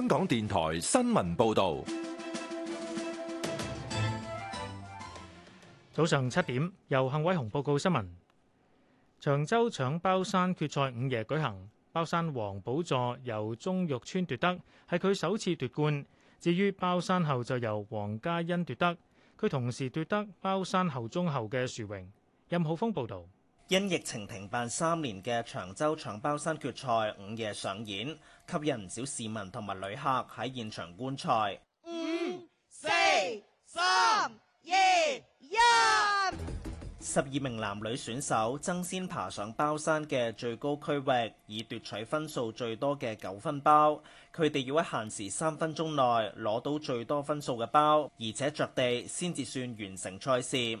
香港電台新聞報道，早上七點由幸偉雄報告新聞。長洲搶包山決賽午夜舉行，包山王寶座由鍾玉川奪得，係佢首次奪冠。至於包山后就由黃嘉欣奪得，佢同時奪得包山后中后嘅殊榮。任浩峰報道。因疫情停辦三年嘅長洲搶包山決賽午夜上演，吸引唔少市民同埋旅客喺現場觀賽。五、四、三、二、一，十二名男女選手爭先爬上包山嘅最高區域，以奪取分數最多嘅九分包。佢哋要喺限時三分鐘內攞到最多分數嘅包，而且着地先至算完成賽事。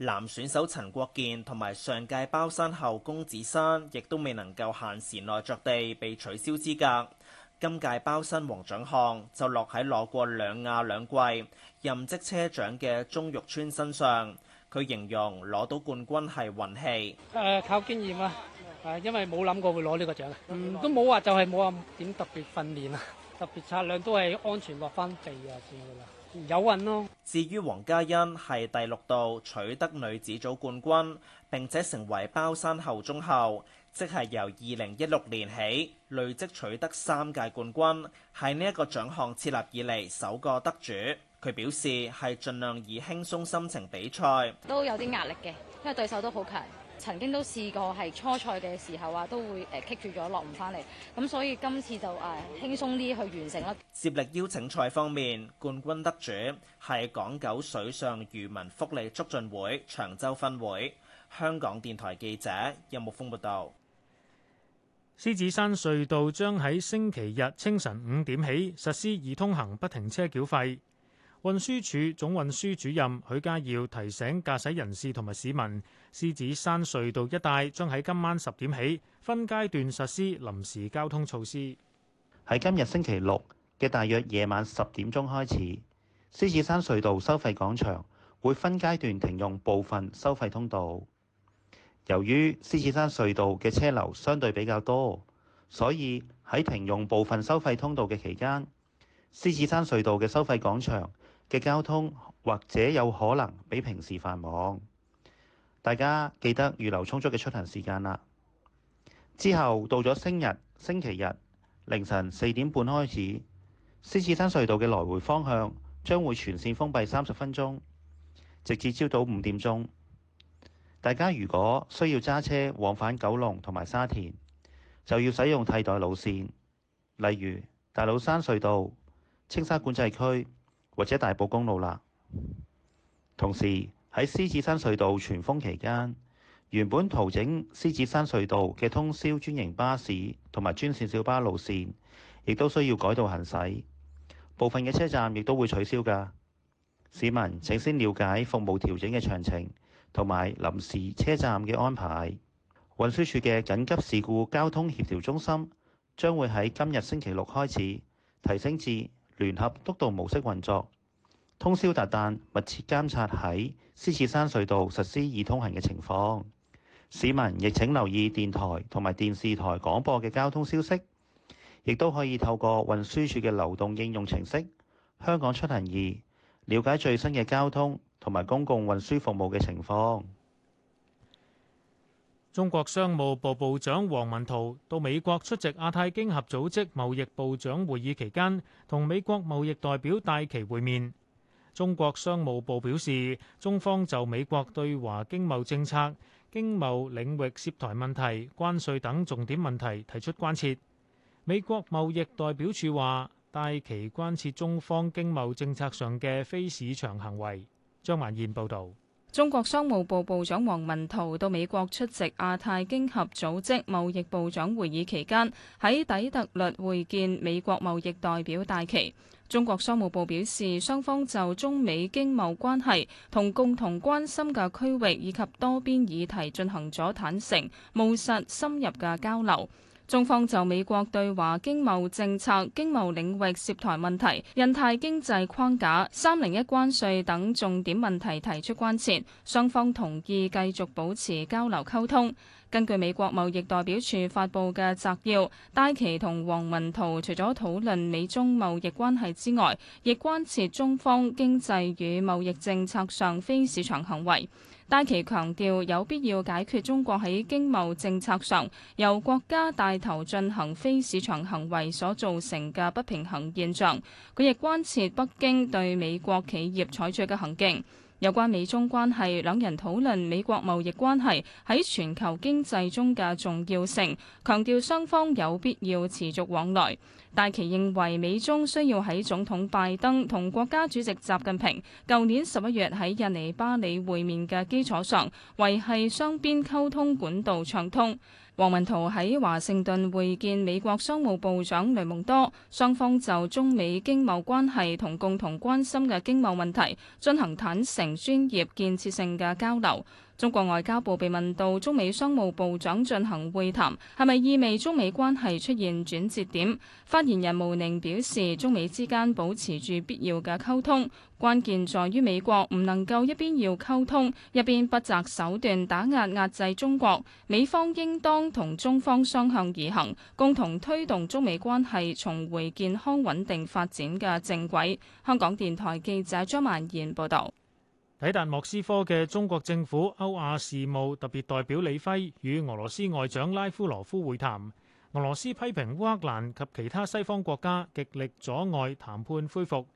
男選手陳國健同埋上屆包山後公子山，亦都未能夠限時內着地，被取消資格。今屆包山王獎項就落喺攞過兩亞兩季、任職車長嘅鍾玉川身上。佢形容攞到冠軍係運氣、呃，誒靠經驗啊，誒因為冇諗過會攞呢個獎，嗯、都冇話就係冇話點特別訓練啊，特別策略都係安全落翻地啊算噶啦。有運咯、哦。至於黃嘉欣係第六度取得女子組冠軍，並且成為包山后中后，即係由二零一六年起累積取得三屆冠軍，係呢一個獎項設立以嚟首個得主。佢表示係盡量以輕鬆心情比賽，都有啲壓力嘅，因為對手都好強。曾經都試過係初賽嘅時候啊，都會誒棘住咗落唔返嚟，咁所以今次就誒輕鬆啲去完成啦。接力邀請賽方面，冠軍得主係港九水上漁民福利促進會長洲分會。香港電台記者任木峯報道。獅子山隧道將喺星期日清晨五點起實施易通行不停車繳費。運輸署總運輸主任許家耀提醒駕駛人士同埋市民，獅子山隧道一帶將喺今晚十點起分階段實施臨時交通措施。喺今日星期六嘅大約夜晚十點鐘開始，獅子山隧道收費廣場會分階段停用部分收費通道。由於獅子山隧道嘅車流相對比較多，所以喺停用部分收費通道嘅期間，獅子山隧道嘅收費廣場。嘅交通或者有可能比平時繁忙，大家記得預留充足嘅出行時間啦。之後到咗星日星期日凌晨四點半開始，獅子山隧道嘅來回方向將會全線封閉三十分鐘，直至朝早五點鐘。大家如果需要揸車往返九龍同埋沙田，就要使用替代路線，例如大老山隧道、青沙管制區。或者大埔公路啦。同時喺獅子山隧道全封期間，原本途經獅子山隧道嘅通宵專營巴士同埋專線小巴路線，亦都需要改道行駛，部分嘅車站亦都會取消㗎。市民請先了解服務調整嘅詳情同埋臨時車站嘅安排。運輸署嘅緊急事故交通協調中心將會喺今日星期六開始提升至聯合督導模式運作，通宵達旦密切監察喺獅子山隧道實施易通行嘅情況。市民亦請留意電台同埋電視台廣播嘅交通消息，亦都可以透過運輸署嘅流動應用程式《香港出行二》了解最新嘅交通同埋公共運輸服務嘅情況。中國商務部部長王文濤到美國出席亞太經合組織貿易部長會議期間，同美國貿易代表戴琪會面。中國商務部表示，中方就美國對華經貿政策、經貿領域涉台問題、關稅等重點問題提出關切。美國貿易代表處話，戴琪關切中方經貿政策上嘅非市場行為。張文燕報道。中國商務部部長王文濤到美國出席亞太經合組織貿易部長會議期間，喺底特律會見美國貿易代表戴琪。中國商務部表示，雙方就中美經貿關係同共同關心嘅區域以及多邊議題進行咗坦誠、務實、深入嘅交流。中方就美國對華經貿政策、經貿領域涉台問題、印太經濟框架、三零一關稅等重點問題提出關切，雙方同意繼續保持交流溝通。根據美國貿易代表處發布嘅摘要，戴琪同黃文濤除咗討論美中貿易關係之外，亦關切中方經濟與貿易政策上非市場行為。戴奇強調有必要解決中國喺經貿政策上由國家帶頭進行非市場行為所造成嘅不平衡現象。佢亦關切北京對美國企業採取嘅行徑。有關美中關係，兩人討論美國貿易關係喺全球經濟中嘅重要性，強調雙方有必要持續往來。戴琪認為美中需要喺總統拜登同國家主席習近平舊年十一月喺印尼巴厘會面嘅基礎上，維係雙邊溝通管道暢通。王文濤喺華盛頓會見美國商務部長雷蒙多，雙方就中美經貿關係同共同關心嘅經貿問題進行坦誠、專業、建設性嘅交流。中國外交部被問到中美商務部長進行會談係咪意味中美關係出現轉折點，發言人毛寧表示，中美之間保持住必要嘅溝通，關鍵在於美國唔能夠一邊要溝通，一邊不擇手段打壓壓制中國。美方應當同中方雙向而行，共同推動中美關係重回健康穩定發展嘅正軌。香港電台記者張曼燕報道。抵達莫斯科嘅中國政府歐亞事務特別代表李輝與俄羅斯外長拉夫羅夫會談。俄羅斯批評烏克蘭及其他西方國家極力阻礙談判恢復。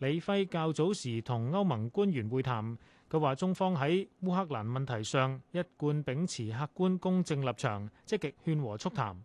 李輝較早時同歐盟官員會談，佢話中方喺烏克蘭問題上一貫秉持客觀公正立場，積極勸和促談。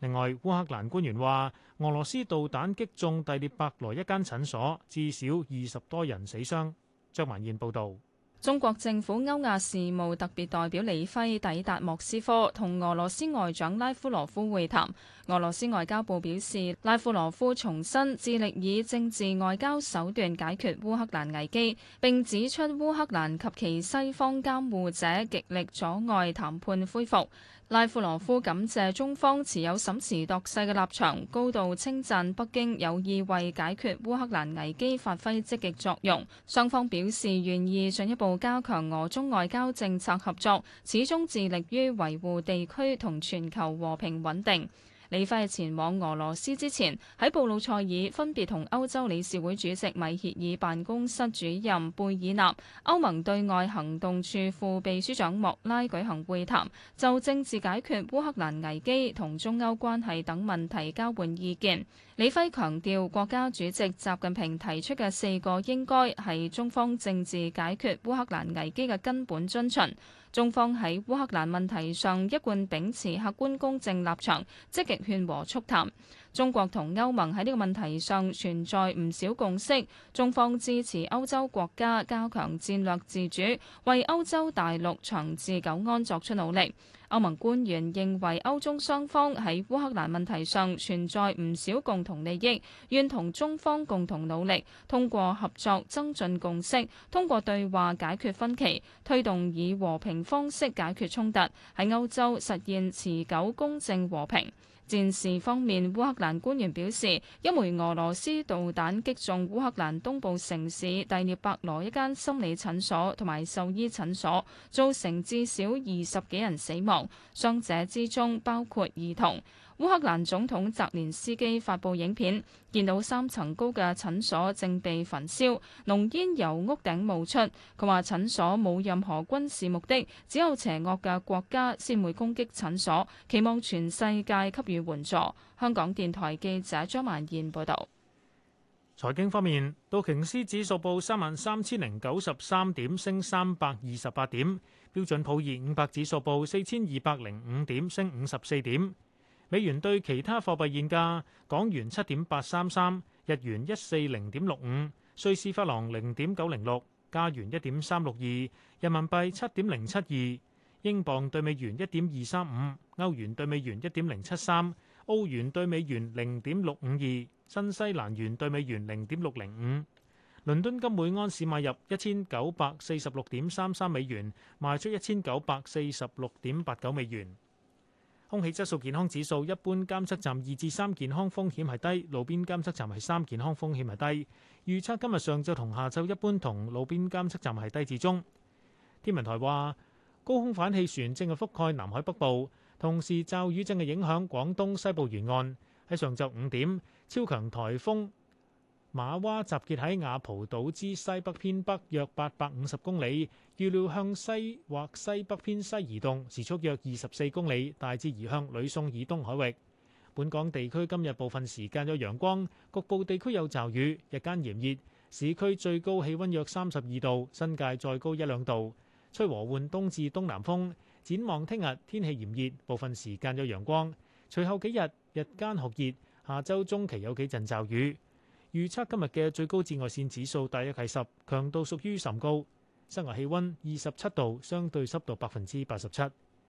另外，烏克蘭官員話，俄羅斯導彈擊中第聶伯羅一間診所，至少二十多人死傷。張環燕報道。中國政府歐亞事務特別代表李輝抵達莫斯科，同俄羅斯外長拉夫羅夫會談。俄羅斯外交部表示，拉夫羅夫重申致力以政治外交手段解決烏克蘭危機，並指出烏克蘭及其西方監護者極力阻礙談判恢復。拉夫羅夫感謝中方持有審時度勢嘅立場，高度稱讚北京有意為解決烏克蘭危機發揮積極作用。雙方表示願意進一步。加強俄中外交政策合作，始終致力於維護地區同全球和平穩定。李輝前往俄羅斯之前，喺布魯塞爾分別同歐洲理事會主席米歇爾辦公室主任貝爾納、歐盟對外行動處副秘書長莫拉舉行會談，就政治解決烏克蘭危機同中歐關係等問題交換意見。李輝強調，國家主席習近平提出嘅四個應該係中方政治解決烏克蘭危機嘅根本遵循。中方喺烏克蘭問題上一貫秉持客觀公正立場，積極勸和促談。中國同歐盟喺呢個問題上存在唔少共識。中方支持歐洲國家加強戰略自主，為歐洲大陸長治久安作出努力。歐盟官員認為歐中雙方喺烏克蘭問題上存在唔少共同利益，願同中方共同努力，通過合作增進共識，通過對話解決分歧，推動以和平方式解決衝突，喺歐洲實現持久公正和平。戰事方面，烏克蘭官員表示，一枚俄羅斯導彈擊中烏克蘭東部城市第聶伯羅一間心理診所同埋獸醫診所，造成至少二十幾人死亡，傷者之中包括兒童。烏克蘭總統澤連斯基發布影片，見到三層高嘅診所正被焚燒，濃煙由屋頂冒出。佢話診所冇任何軍事目的，只有邪惡嘅國家先會攻擊診所。期望全世界給予援助。香港電台記者張曼燕報道。財經方面，道瓊斯指數報三萬三千零九十三點，升三百二十八點；標準普爾五百指數報四千二百零五點，升五十四點。美元兌其他貨幣現價：港元七點八三三，日元一四零點六五，瑞士法郎零點九零六，加元一點三六二，人民幣七點零七二，英鎊對美元一點二三五，歐元對美元一點零七三，澳元對美元零點六五二，新西蘭元對美元零點六零五。倫敦金每安士買入一千九百四十六點三三美元，賣出一千九百四十六點八九美元。空氣質素健康指數，一般監測站二至三，健康風險係低，路邊監測站係三，健康風險係低。預測今日上晝同下晝，一般同路邊監測站係低至中。天文台話，高空反氣旋正係覆蓋南海北部，同時驟雨正係影響廣東西部沿岸。喺上晝五點，超強颱風。瑪娃集結喺雅蒲島之西北偏北約八百五十公里，預料向西或西北偏西移動，時速約二十四公里，大致移向呂宋以東海域。本港地區今日部分時間有陽光，局部地區有驟雨，日間炎熱，市區最高氣溫約三十二度，新界再高一兩度，吹和緩東至東南風。展望聽日天氣炎熱，部分時間有陽光，隨後幾日日間酷熱，下周中期有幾陣驟雨。預測今日嘅最高紫外線指數大約係十，強度屬於甚高。室外氣溫二十七度，相對濕度百分之八十七。